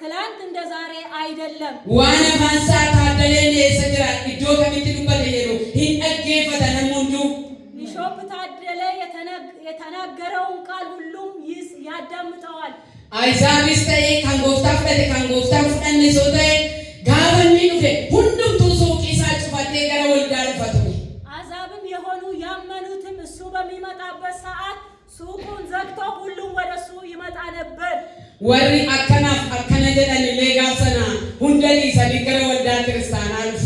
ትላንት እንደ ዛሬ አይደለም። ዋነ ማንሳ ታደለ የሰራ እዶ ከሚትሉበት ሄዶ ሂንገፈተ ነሙንዱ ቢሾፕ ታደለ የተናገረውን ቃል ሁሉም ይስ ያዳምጠዋል። አይዛብስ ተኤ ካንጎፍታ ፍጠቴ ካንጎፍታ ፍጠኔ ሶ ተኤ ጋበኒ ዱፌ ሱቁን ዘግቶ ሁሉም ወደ እሱ ይመጣ ነበር። ወሪ አከናፍ አከነደን ሌጋሰና ሁንደኒ ሰዲገረ ወልዳ ክርስቲያናት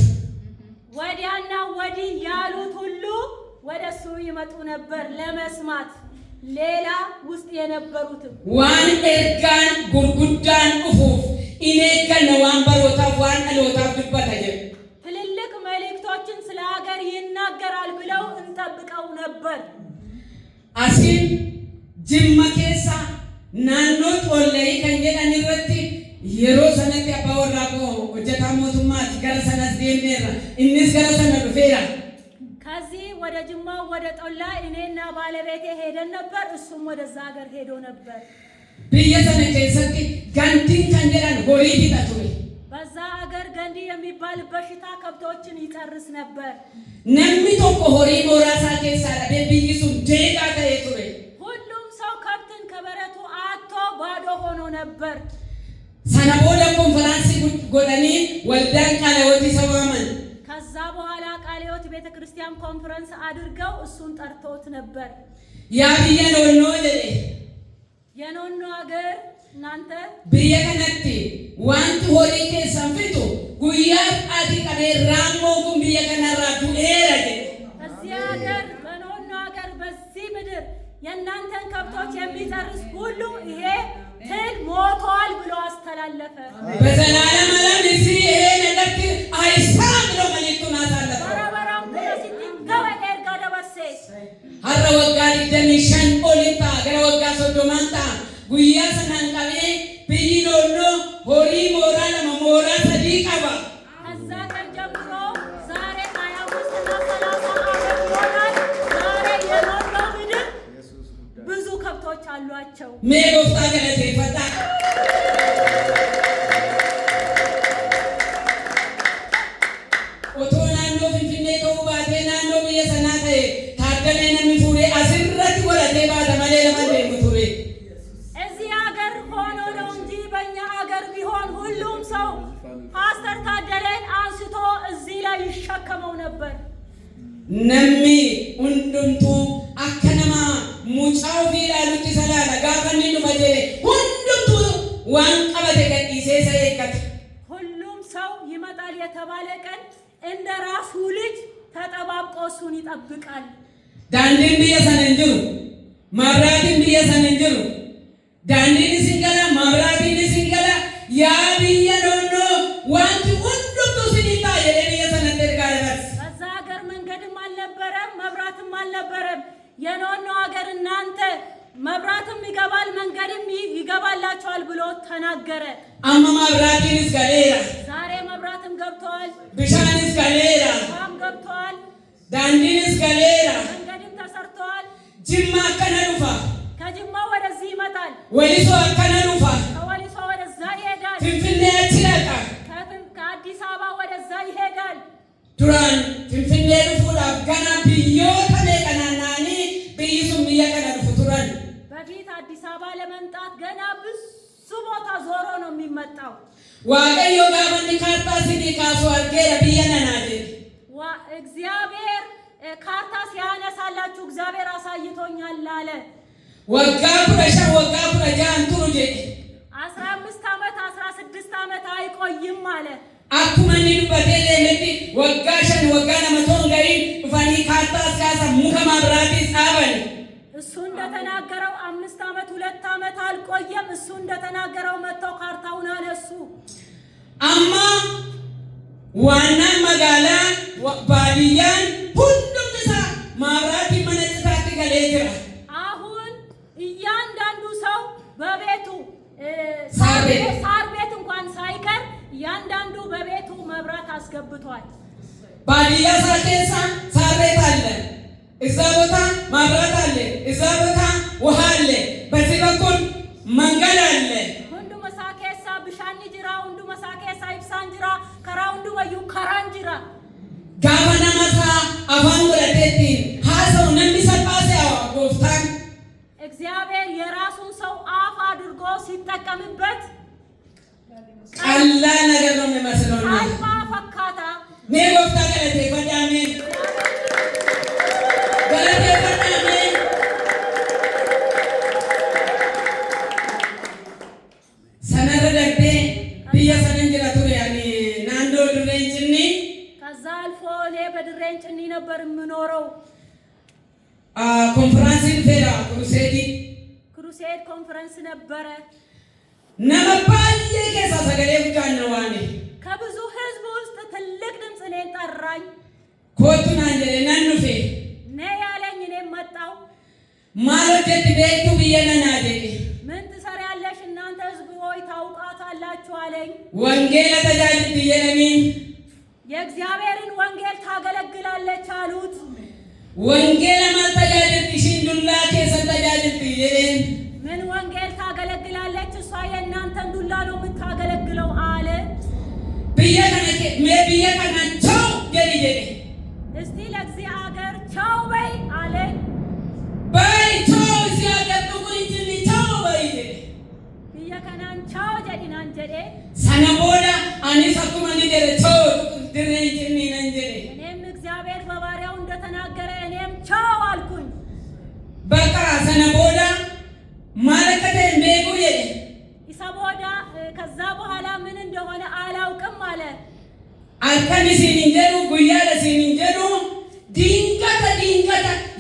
ወዲያና ወዲህ ያሉት ሁሉ ወደ እሱ ይመጡ ነበር ለመስማት ሌላ ውስጥ የነበሩትም ዋን ኤርጋን ጉርጉዳን ኡፉፍ ኢኔ ከነ ዋን በሮታ ዋን አሎታ ድበታየ ትልልቅ መልእክቶችን ስለ ሀገር ይናገራል ብለው እንጠብቀው ነበር። asiin jimma keessa naannoo tollee kan jedhan irratti yeroo sanatti abbaa warraa koo hojjetaa mootummaati gara sanas deemeerra innis gara sana dhufeera ከዚህ ወደ ጅማ ወደ ጦላ እኔና ባለቤቴ ሄደን ነበር። እሱም ወደዛ ሀገር ሄዶ ነበር። ብየ ሰነ ኬሰቲ ጋንቲን ከንጀራን ሆሪ ሂጣ ቱሬ ገንዲ የሚባል በሽታ ከብቶችን ይጨርስ ነበር። ነሚቶኮ ሆሪ ራሳ ኬሳ ቤብይሱ ደቃ ከየቱሬ ሁሉም ሰው ከብትን ከበረቱ አቶ ባዶ ሆኖ ነበር። ሰነቦደ ኮንፈራንስ ጎደኒ ወልዳን ቃለወቲ ሰዋመን ከዛ በኋላ ቃለወት ቤተ ክርስቲያን ኮንፈረንስ አድርገው እሱን ጠርቶት ነበር። ያብየ ነው ብያ ኖኖ የኖኖ አገር biyya kanatti wanti horii keessan fixu guyyaa ati qabee raammoo kun biyya kanarraa du'eera የእናንተን ከብቶች የሚጨርስ ሁሉ ይሄ ትል ሞቷል ብሎ አስተላለፈ። በዘላለም ዓለም ይሄ ነገር አይሰራም ብሎ መልእክቱን አሳለፈ። ሀረ ወጋ ደሚሸን ኦሊታ ገረ ወጋ ሶዶማንታ guyyaa sanaan qabee biyyi loonnoo horii mooraa lama mooraa sadii qaba. ብዙ ከብቶች አሏቸው። ዳንዴን ብዬ ሰነንጅሩ ማብራትን ብዬ ሰነንጅሩ ዳንዴ ጌት አዲስ አበባ ለመምጣት ገና ብዙ ቦታ ዞሮ ነው የሚመጣው። ዋቀዮ ጋመን ካርታ ሲኒ ካሱ አርጌረ ብየነናል እግዚአብሔር ካርታ ሲያነሳላችሁ እግዚአብሔር አሳይቶኛል አለ። ወጋ ቁረሻ ወጋ ቁረጃ አንቱሩ ጀ አስራ አምስት ዓመት አስራ ስድስት ዓመት አይቆይም አለ። አኩመኒን በቴሌ ለቲ ወጋሸን ወጋ ነመቶን ገሪ ፋኒ ካርታ ሲያሳ ሙከማ ብራቲ ጻበል እንደተናገረው አምስት ዓመት ሁለት ዓመት አልቆየም። እሱ እንደተናገረው መጥተው ካርታውን አነሱ። አማ ዋና መጋላ ባድያን ሁሉም ሳ ማብራት መነጭታት ገሌጅራ አሁን እያንዳንዱ ሰው በቤቱ ሳር ቤት እንኳን ሳይቀር እያንዳንዱ በቤቱ መብራት አስገብቷል። ባድያ ሳ ሳር ቤት አለ እዛ ቦታ ማብራት አለ፣ እዛ ቦታ ውሃ አለ፣ በዚህ በኩል መንገድ አለ። ጋባና መሳ አፋን ወለቴት ሀሰው ነሚሰባሴ ጎፍታን እግዚአብሔር የራሱን ሰው አፍ አድርጎ ሲጠቀምበት ቀላል ነገር ነው የሚመስለው። አልማ ፈካታ ሜ ጎፍታ ቀለቴ ፈዳሜን ነበር የምኖረው። ኮንፈረንስን ፌራ ክሩሴድ ክሩሴድ ኮንፈረንስ ነበረ። ነመባየ ጌሳ ሰገሌ ብቻነዋኔ ከብዙ ህዝብ ውስጥ ትልቅ ድምፅ እኔን ጠራኝ። ኮቱን አንጀሌ ነንፌ ነ ያለኝ እኔም መጣው ማለጀት ቤቱ ብየነናጀ ምን ትሰሪያለሽ እናንተ ህዝብ ሆይ ታውቃታላችሁ አለኝ። ወንጌል ተጃጅት ብየነሚን የእግዚአብሔርን ወንጌል ታገለግላለች አሉት። ወንጌል ማስተጋጀት ዱላ ሰተጋጀት ምን ወንጌል ታገለግላለች? እሷ የእናንተን ዱላ ነው የምታገለግለው አለ። ብዬ ከናቸው ገድዬ እስቲ ለዚህ አገር ቸው በይ አለ። በይ ቸው እዚ አገር ዱጉሪትኒ ቸው በይ ብዬ ከናን ቻው ጀዲናን ጀዴ ሰነቦዳ ቦዳ አኒስ አኩመኒ ጀደ እኔም እግዚአብሔር በባሪያው እንደተናገረ እኔም ቻው አልኩኝ። በቃ ሰነ ማለከተ እንደጎ ከዛ በኋላ ምን እንደሆነ አላውቅም አለ።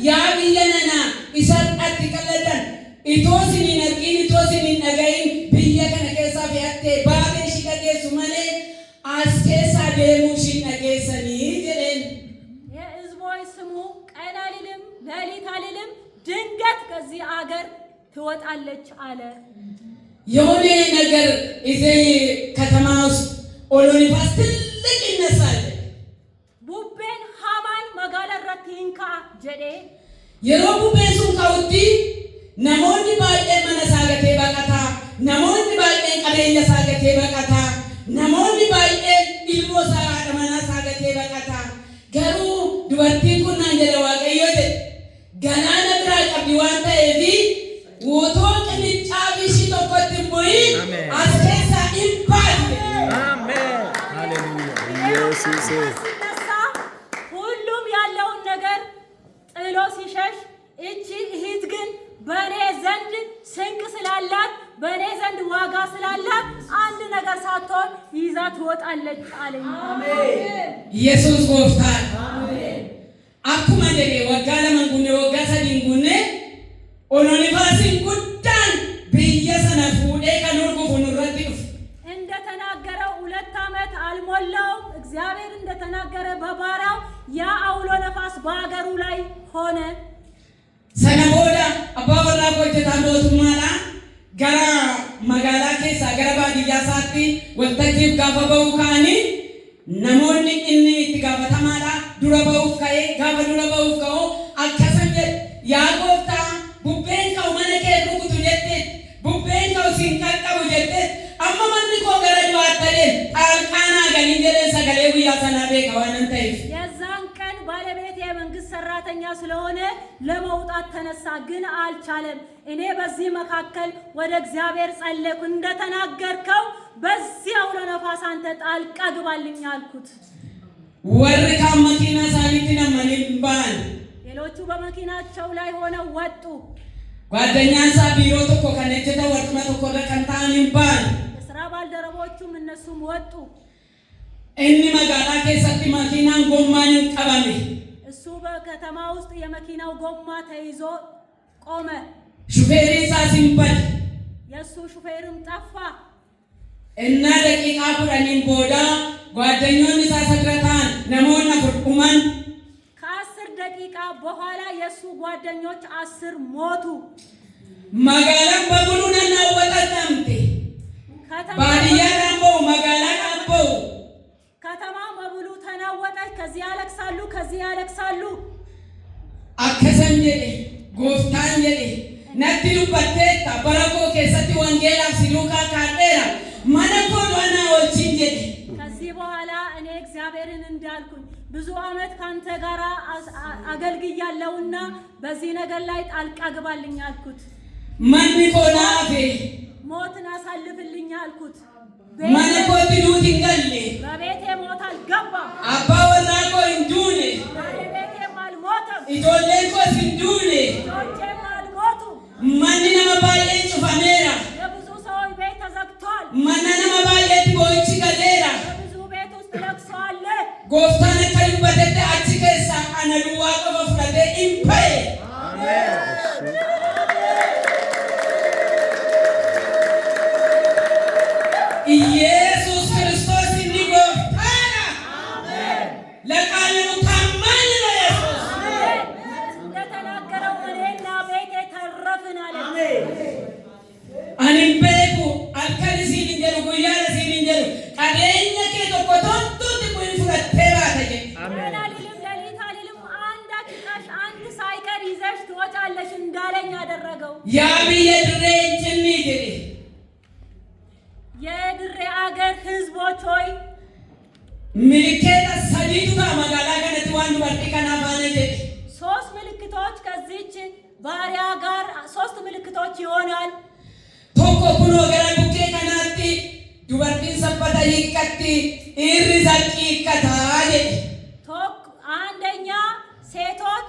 ጉያ ያብየነና ሌሊት አልልም ድንገት ከዚህ አገር ትወጣለች አለ። የሆነ ነገር እዚህ ከተማ ውስጥ ኦሎኒፋስ ትልቅ ይነሳል። ቡቤን ሀማን መጋለረት ሂንካ ጀዴ የሮ ቡቤን ሱን ከውቲ ነሞን ባሌ መነሳገቴ በቀታ ነሞን ባሌ ቀቤኛ ሳገቴ በቀታ ነሞን ባሌ ኢልሞ ሰራ መነሳገቴ በቀታ ገሩ ዱበርቲ ኩና ጀለ ዋቀዮቴ qabdi waan ta'eefi uutoo qiniccaafi ishii tokkotti hin bu'in as keessaa hin baanne. ሁሉም ያለውን ነገር ጥሎ ሲሸሽ እቺ እህት ግን በእኔ ዘንድ ስንቅ ስላላት በእኔ ዘንድ ዋጋ ስላላት አንድ ነገር ሳትሆን ይዛ ትወጣለች አለኝ። ኢየሱስ ጎፍታል አኩማ ደኔ ወጋ ለመንጉኔ ወጋ እንደተናገረው ሁለት ዓመት አልሞላውም። እግዚአብሔር እንደተናገረ በባራው ያ አውሎ ነፋስ በአገሩ ላይ ሆነ። ሰነ ቦዳ አባ ወራ ገራ መጋላ ኬሳ ገራ ባዲያ ሳቲ ወልተኪፍ ጋፈ በው ካኒ ነሞኒ እኒ ኢት ጋፈ ተማላ ዱረ በው ከኤ ጋፈ ዱረ በው ከኦ አከሰጀ ያቆፍታ ጠላት ተነሳ፣ ግን አልቻለም። እኔ በዚህ መካከል ወደ እግዚአብሔር ጸለኩ፣ እንደተናገርከው በዚህ አውሎ ነፋስ አንተ ጣልቃ ግባልኝ አልኩት። ወርካ መኪና ሳሊትና መንባል ሌሎቹ በመኪናቸው ላይ ሆነው ወጡ። ጓደኛ ጓደኛሳ ቢሮ ጥቆ ከነጀተ ወጥመ ጥቆ ለከንታኒባል የስራ ባልደረቦቹም እነሱም ወጡ። እኒ መጋላ ኬሰቲ መኪናን ጎማንን ቀበሜ እሱ በከተማ ውስጥ የመኪናው ጎማ ተይዞ ቆመ። ሹፌሪ ሳሲምባል የእሱ ሹፌርም ጠፋ እና ደቂቃ ኩረኒን ቦዳ ጓደኞን ሳሰድረታን ነሞና ፍርቁማን ከአስር ደቂቃ በኋላ የእሱ ጓደኞች አስር ሞቱ። መጋላን በሙሉ ነናወጠ ባድያ ዳንበው መጋላ ዳንበው ተለወጠች። ከዚህ ያለቅሳሉ፣ ከዚህ ያለቅሳሉ። አከሰኘ ጎፍታኘ ነቲ ዱበቴታ በረቆ ኬሰቲ ወንጌላ ሲሉካ ካጤራ መነኮ ዶና ወችን ጀ ከዚህ በኋላ እኔ እግዚአብሔርን እንዳልኩኝ ብዙ ዓመት ከአንተ ጋር አገልግያለሁና በዚህ ነገር ላይ ጣልቃ ግባልኝ አልኩት። መኒኮና አፌ ሞትን አሳልፍልኝ አልኩት። መነኮ ትኑት ይንገል በቤቴ ሞት አልገባም ያብየ ድሬ እንጭኒ ድሬ የድሬ አገር ህዝቦች ሆይ ምልኬታ ሰዲቱታ መጋላ ከነቲ ዋን ዱበርቲ ከናፋነ ሶስት ምልክቶች ከዚች ባሪያ ጋር ሶስት ምልክቶች ይሆናል። ቶኮ ኩኖ ገረ ቡኬ ከናቲ ዱበርቲን ሰበተ ይቀቲ ኢሪ ዘቂ ይቀታ ጀች አንደኛ ሴቶች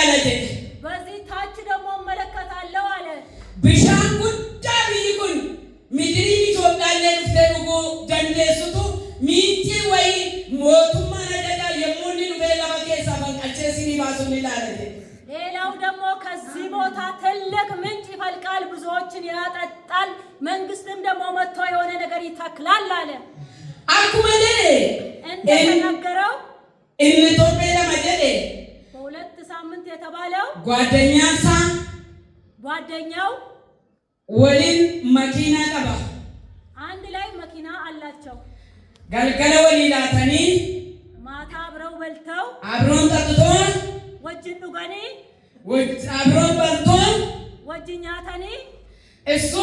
ሌላው ደግሞ ከዚህ ቦታ ትልቅ ምንጭ ይፈልቃል፣ ብዙዎችን ያጠጣል። መንግስትም ደግሞ መጥቶ የሆነ ነገር ይተክላል አለ። አኩመሌ እንደተናገረው እንቶቤ ለመደሌ በሁለት ሳምንት የተባለው ጓደኛሳ ጓደኛው ወሊን መኪና ቀባ አንድ ላይ መኪና አላቸው። ገልገለ ወሊላተኒ ማታ አብረው በልተው አብረውን ጠጥቶ dhuganii አብሮን በልቶን ወጅ ኛተanii እሱ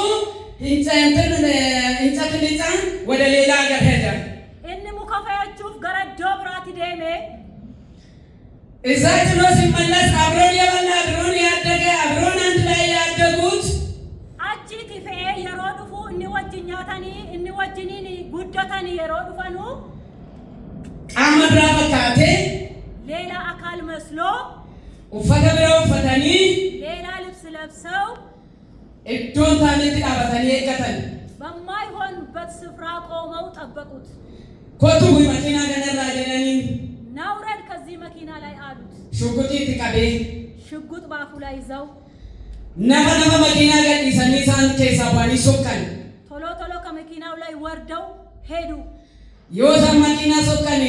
እንጨትን ሊጫን ወደ ሌላ ሀገር ሄደ። እኒ ሙከ ፈየችሁፍ ገረ እድዎ ብራት ዴሜ እዛ ጭኖ ሲመለስ አብሮን የበላ አብሮን ያደገ አብሮን አንድ ላይ ያደጉት አቺት ፌኤ የሮ ዱፉ እኒ ወጅ ኛተኒ እኒ ወጅኒን ጉደተኒ የሮ ዱፈኑ አመድራ ፈካቴ ሌላ አካል መስሎ uffata bira uffatanii ሌላ ልብስ ለብሰው እዶን isaaniitti dhaabatanii eeggatan በማይሆንበት ስፍራ ቆመው ጠበቁት። ኮቱ መኪና ገነራ ጀነኒን ናውረድ ከዚህ መኪና ላይ አሉት። ሽጉጢት ቀቤ ሽጉጥ በአፉ ላይ ይዘው ነፈ ነፈ መኪና ገዲሰኒ ሳን ኬሳ ባኒ ቶሎ ቶሎ ከመኪናው ላይ ወርደው ሄዱ። የወሰን መኪና ሶቀኔ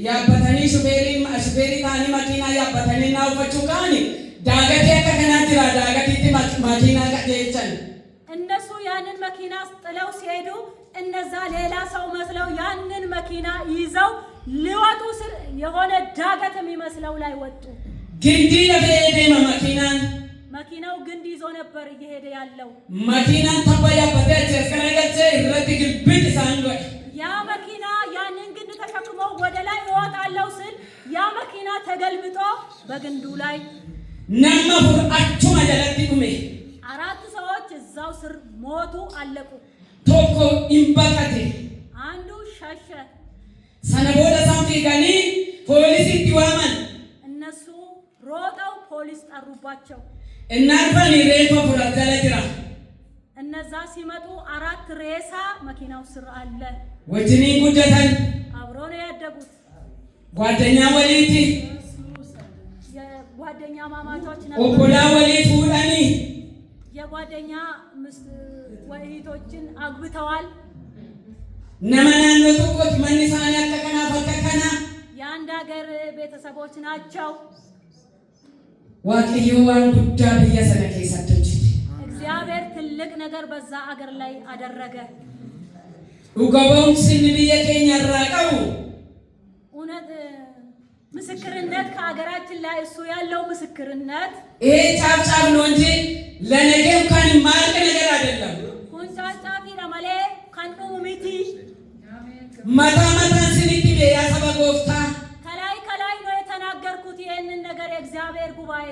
yaabbatanii shufeerii ta'anii makiinaa yaabbatanii naa uffachuu ka'ani daagatee akka kanaa jira daagatiitti makiinaa qajeelchan እነሱ ያንን መኪና ጥለው ሲሄዱ እነዛ ሌላ ሰው መስለው ያንን መኪና ይዘው ሊወጡ የሆነ ዳገት የሚመስለው ላይ ወጡ። ግንዲ ለፈየደመ መኪናን መኪናው ግንድ ይዞ ነበር እየሄደ ያለው መኪናን ተባያበተ ቸርከነገቸ ረት ግብት ሳንዶች ያ መኪና አወጣለሁ ስል ያ መኪና ተገልብጦ በግንዱ ላይ ነማ ሁርአቹን አጀለቅቁሜ አራት ሰዎች እዛው ስር ሞቱ፣ አለቁ። ቶኮ ኢምባቀቴ አንዱ ሸሸ። ሰነቦደ ሳምቲ ጋኒ ፖሊስ ዲዋማን እነሱ ሮጠው ፖሊስ ጠሩባቸው። እናርፈን ሬቶ ፉራተለ ጅራ እነዛ ሲመጡ አራት ሬሳ መኪናው ስር አለ። ወጅኒ ጉጀተን አብሮ ነው ያደጉት ጓደኛ ወሊት የጓደኛ ማማቾች ነበሩ። ኦኮላ ወሊት ሁለኒ የጓደኛ ወሊቶችን አግብተዋል። ነመናን ጥቆት መኒሳን ያጠቀና ፈቀቀና የአንድ ሀገር ቤተሰቦች ናቸው። ዋቅየዋን ጉዳ ብያ ሰለከ እግዚአብሔር ትልቅ ነገር በዛ አገር ላይ አደረገ። ኡጋባውን ስን ብየቀኛ ራቀው ምስክርነት ከሀገራችን ላይ እሱ ያለው ምስክርነት ይሄ ጫፍጫፍ ነው እንጂ ለነገ እንኳን ማርቅ ነገር አይደለም። ኩን ለማለ ካንዱ ሙሚቲ መታ መታ ስንት ያሰበ ጎፍታ ከላይ ከላይ ነው የተናገርኩት ይሄንን ነገር የእግዚአብሔር ጉባኤ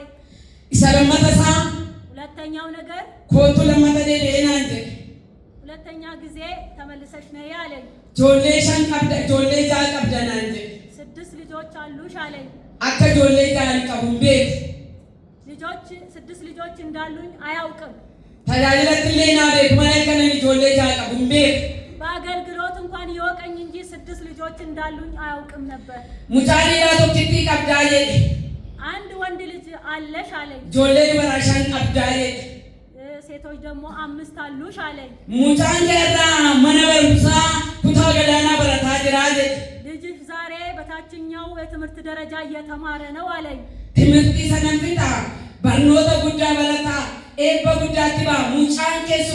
ይሰለመተሳ ሁለተኛው ነገር ኮቱ ለመተደ ለና እንጂ ሁለተኛ ጊዜ ተመልሰሽ ነይ አለኝ ጆሌ ቀብደ ጆሌ ጃ ቀብደና እንጂ ስድስት ልጆች አሉሽ አለኝ። አከጆለይታ ያልቀቡን ቤት ልጆች ስድስት ልጆች እንዳሉኝ አያውቅም። ተዳለትሌና ቤት መለከነ ልጆለይታ ያልቀቡን ቤት በአገልግሎት እንኳን ይወቀኝ እንጂ ስድስት ልጆች እንዳሉኝ አያውቅም ነበር። ሙጫሌላ ቶክቲ ቀብዳሌ አንድ ወንድ ልጅ አለሽ አለኝ። ጆሌ በራሻን ቀብዳሌ ሴቶች ደግሞ አምስት አሉሽ አለኝ። ሙጫን ገራ ሳ ኩታ ገዳና በረታ ጅራሌ የታችኛው የትምህርት ደረጃ እየተማረ ነው አለኝ። ትምህርት ሰነፍታ በርኖተ ጉዳ በለታ ኤበ ጉዳ ቲባ ሙጫን ኬሱ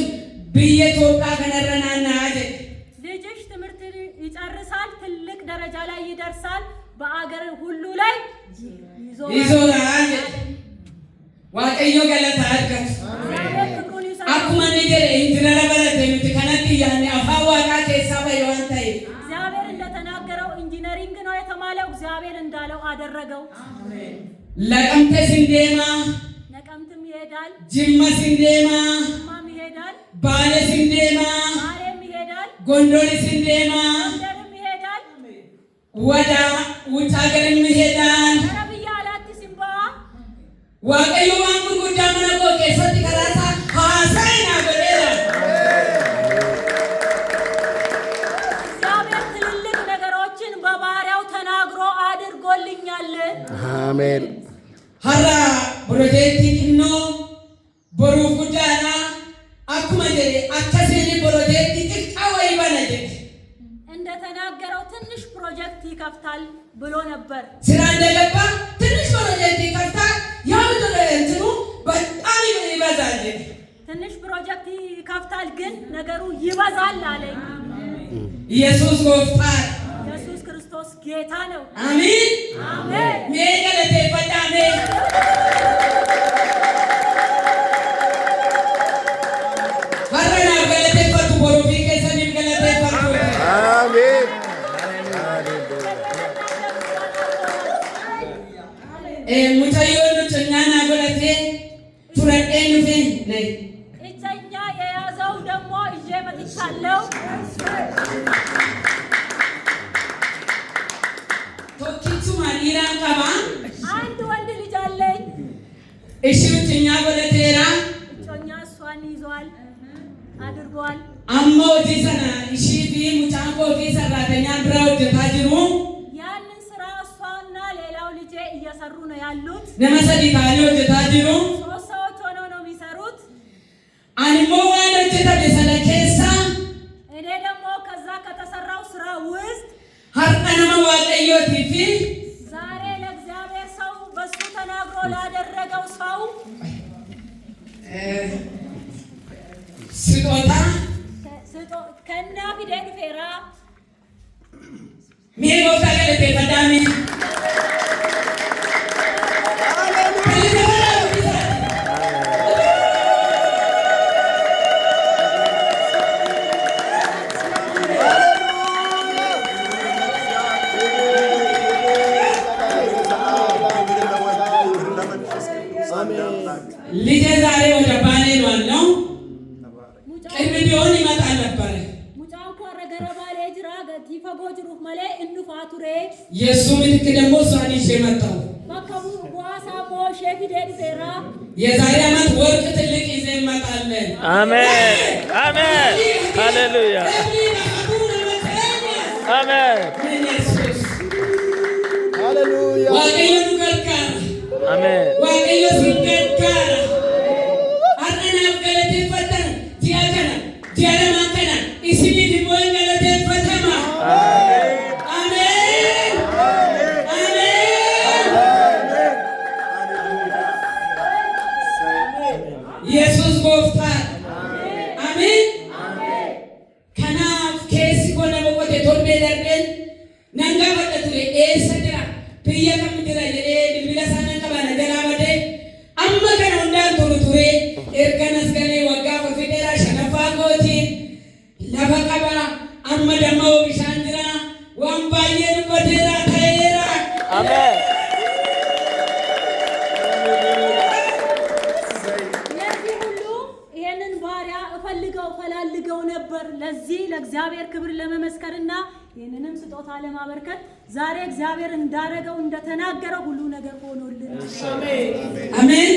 ብዬ ቶጣ ከነረናና ልጅሽ ትምህርት ይጨርሳል፣ ትልቅ ደረጃ ላይ ይደርሳል፣ በአገር ሁሉ ላይ ይዞራል። ዋቀዮ ገለታ አርከት አኩማ ነገር ኢንትረረ በለተ ምትከነት እያለ አደረገው። ለቀምት ስንዴማ ነቀምትም ይሄዳል። ጅማ ስንዴማ ጅማም ይሄዳል። ባሌ ስንዴማ ባሌም ይሄዳል። ጎንዶኒ ስንዴማ ጎንደርም ይሄዳል። ወደ ውጭ ሀገርም ይሄዳል። ረብያ አላት ሲምባ ዋቀዩ ዋን ጉዳ መነቆ ቄሰት ከራሳ ሀሰ አሜን ሀራ ፕሮጀክቲ ኖ በሩፍ ጉዳና አኩመ አከሴኒ ፕሮጀክቲ ጥቃ ወይ ባለጀ እንደተናገረው ትንሽ ፕሮጀክት ይከፍታል ብሎ ነበር። ስራ እንደገባ ትንሽ ፕሮጀክት ይከፍታል። ያው እንትኑ በጣም ይበዛል። ትንሽ ፕሮጀክት ይከፍታል፣ ግን ነገሩ ይበዛል አለኝ ኢየሱስ ጎፍጣር ጌታ ነው። አሜን። እሺ ብትኛ ጎለቴራ እጮኛ እሷን ይዟል አድርጓል አሞ ዲሰና እሺ ቢ ሙጫንቆ ቢ ሰራተኛ ብራው ጀታጅሩ ያንን ስራ እሷና ሌላው ልጄ እየሰሩ ነው ያሉት ነመሰዲ ታሎ ጀታጅሩ የዛሬ ዓመት ወርቅ ትልቅ ይዘ ይመጣለን። አሜን አሜን፣ ሃሌሉያ አሜን፣ ሃሌሉያ አሜን ለዚህ ለእግዚአብሔር ክብር ለመመስከርና ይህንንም ስጦታ ለማበርከት ዛሬ እግዚአብሔር እንዳደረገው እንደተናገረው ሁሉ ነገር ሆኖልን አሜን።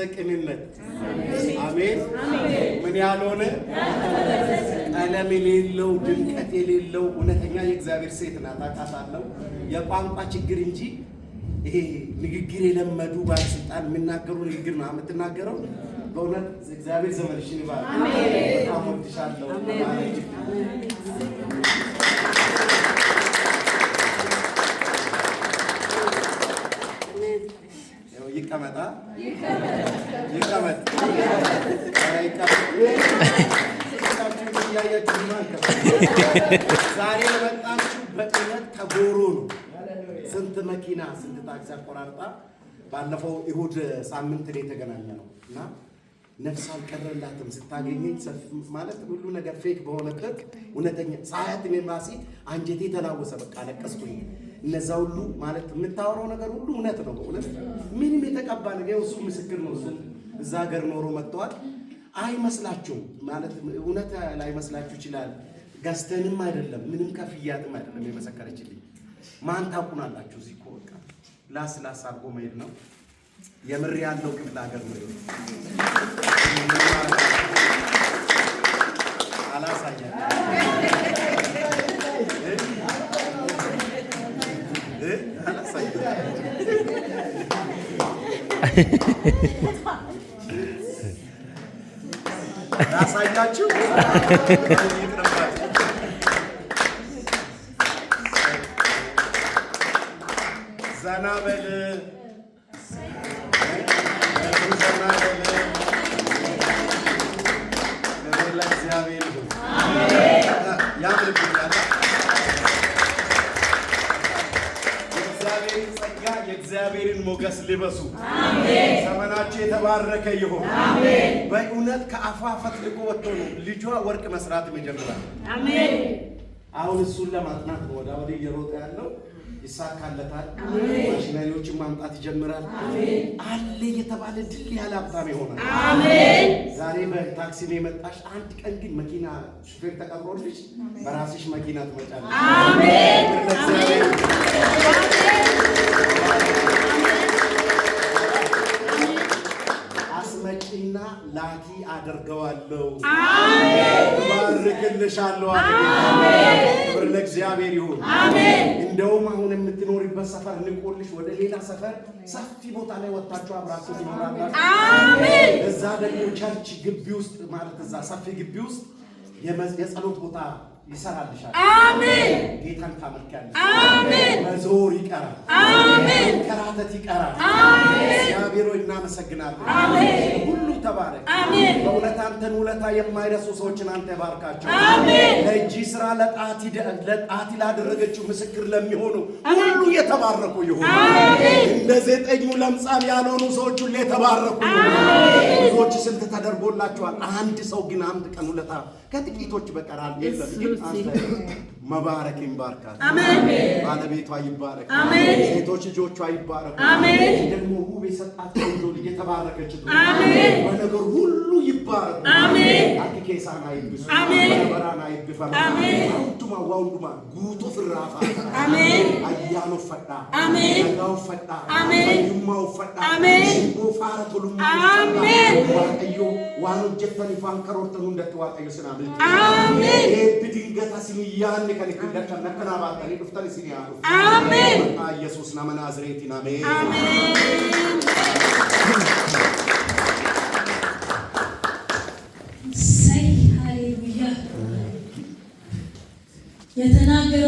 ያገዘ ቅንነት አሜን። ምን ያልሆነ ቀለም የሌለው ድምቀት የሌለው እውነተኛ የእግዚአብሔር ሴት ናት። አውቃታለሁ። የቋንቋ ችግር እንጂ ይሄ ንግግር የለመዱ ባለስልጣን የሚናገሩ ንግግር ነው የምትናገረው። በእውነት እግዚአብሔር ዘመንሽን ይባል። በጣም ወድሻለሁ። ሲመጣ ይቀመጥ ዛሬ የመጣችሁ በቅነት ከጎሮ ነው። ስንት መኪና ስንት ታክሲ አቆራርጣ ባለፈው እሑድ ሳምንት የተገናኘ ነው እና ነፍስ አልቀረላትም። ስታገኘኝ ማለት ሁሉ ነገር ፌክ በሆነበት እውነተኛ ሳያት እኔ አንጀቴ የተላወሰ በቃ አለቀስኩኝ። እነዛ ሁሉ ማለት የምታወራው ነገር ሁሉ እውነት ነው። በእውነት ምንም የተቀባ ነገር እሱ ምስክር ነው። እዛ ሀገር ኖሮ መጥተዋል። አይመስላችሁም ማለት እውነት ላይመስላችሁ ይችላል። ገዝተንም አይደለም ምንም ከፍያትም አይደለም የመሰከረችልኝ። ማን ታውቁናላችሁ? እዚህ እኮ በቃ ላስ ላስ አድርጎ መሄድ ነው። የምር ያለው ክፍለ ሀገር ነው። አላሳያል ዘና በል ሞገስ ልበሱ። ዘመናቸው የተባረከ ይሁን። በእውነት ከአፏ ፈትልቆ ወጥቶ ነው ልጇ ወርቅ መስራት ይጀምራል። አሁን እሱን ለማጥናት ነው ወደ ወደ እየሮጠ ያለው ይሳካለታል። ማሽነሪዎችን ማምጣት ይጀምራል። አለ የተባለ ድል ያለ ሀብታም ይሆናል። ዛሬ በታክሲ ነው የመጣሽ። አንድ ቀን ግን መኪና ሹፌር ተቀብሮልሽ በራስሽ መኪና ትመጫለሽ። ላኪና ላኪ አደርገዋለሁ፣ ባርክልሻለሁ። ክብር ለእግዚአብሔር ይሁን። እንደውም አሁን የምትኖሪበት ሰፈር ንቆልሽ ወደ ሌላ ሰፈር ሰፊ ቦታ ላይ ወጥታችሁ አብራችሁ ትኖራላችሁ። እዛ ደግሞ ቸርች ግቢ ውስጥ ማለት እዛ ሰፊ ግቢ ውስጥ የጸሎት ቦታ ይሰራልሻል። አሜን። ጌታን ታመልኪያለሽ። አሜን። መዞር ይቀራል። አሜን። ከራተት ይቀራል። አሜን። እግዚአብሔር ሆይ እናመሰግናለን። አሜን። ተባረክ። አሜን። በእውነት አንተን ውለታ የማይረሱ ሰዎችን አንተ ባርካቸው። አሜን። ለእጅ ስራ ለጣት ለጣት ላደረገችው ምስክር ለሚሆኑ ሁሉ የተባረኩ ይሁኑ። አሜን። እንደ ዘጠኙ ለምጻም ያልሆኑ ሰዎች ሁሉ የተባረኩ ይሁኑ። ብዙዎች ስንት ተደርጎላቸዋል። አንድ ሰው ግን አንድ ቀን ውለታ ከጥቂቶች በቀር መባረክ መባረክን አሜን። ባለቤቷ ይባረክ። ሴቶች ልጆቿ አሜን። ደግሞ ውብ የሰጣት ቆንጆ ልጅ አሜን። በነገር ሁሉ ይባረኩ። አኪኬሳና ይግሱ በረበራና አሜን። አውቱማ ዋውዱማ ጉቱ ፍራፋ አያኖ ፈዳ ነጋው ፈዳ ዩማው ፈዳ ሽሞ ፋረ አሜን። ቀዮ waan hojjettan ifaan karoortanuu hundatti waaqayyo sinaa bilchee eebbi diingata isinii yaanne kan ittiin dadhabne akkanaa baattanii dhuftan isinii haa dhuftu maqaa yesuus nama naazireetiin ameen የተናገረው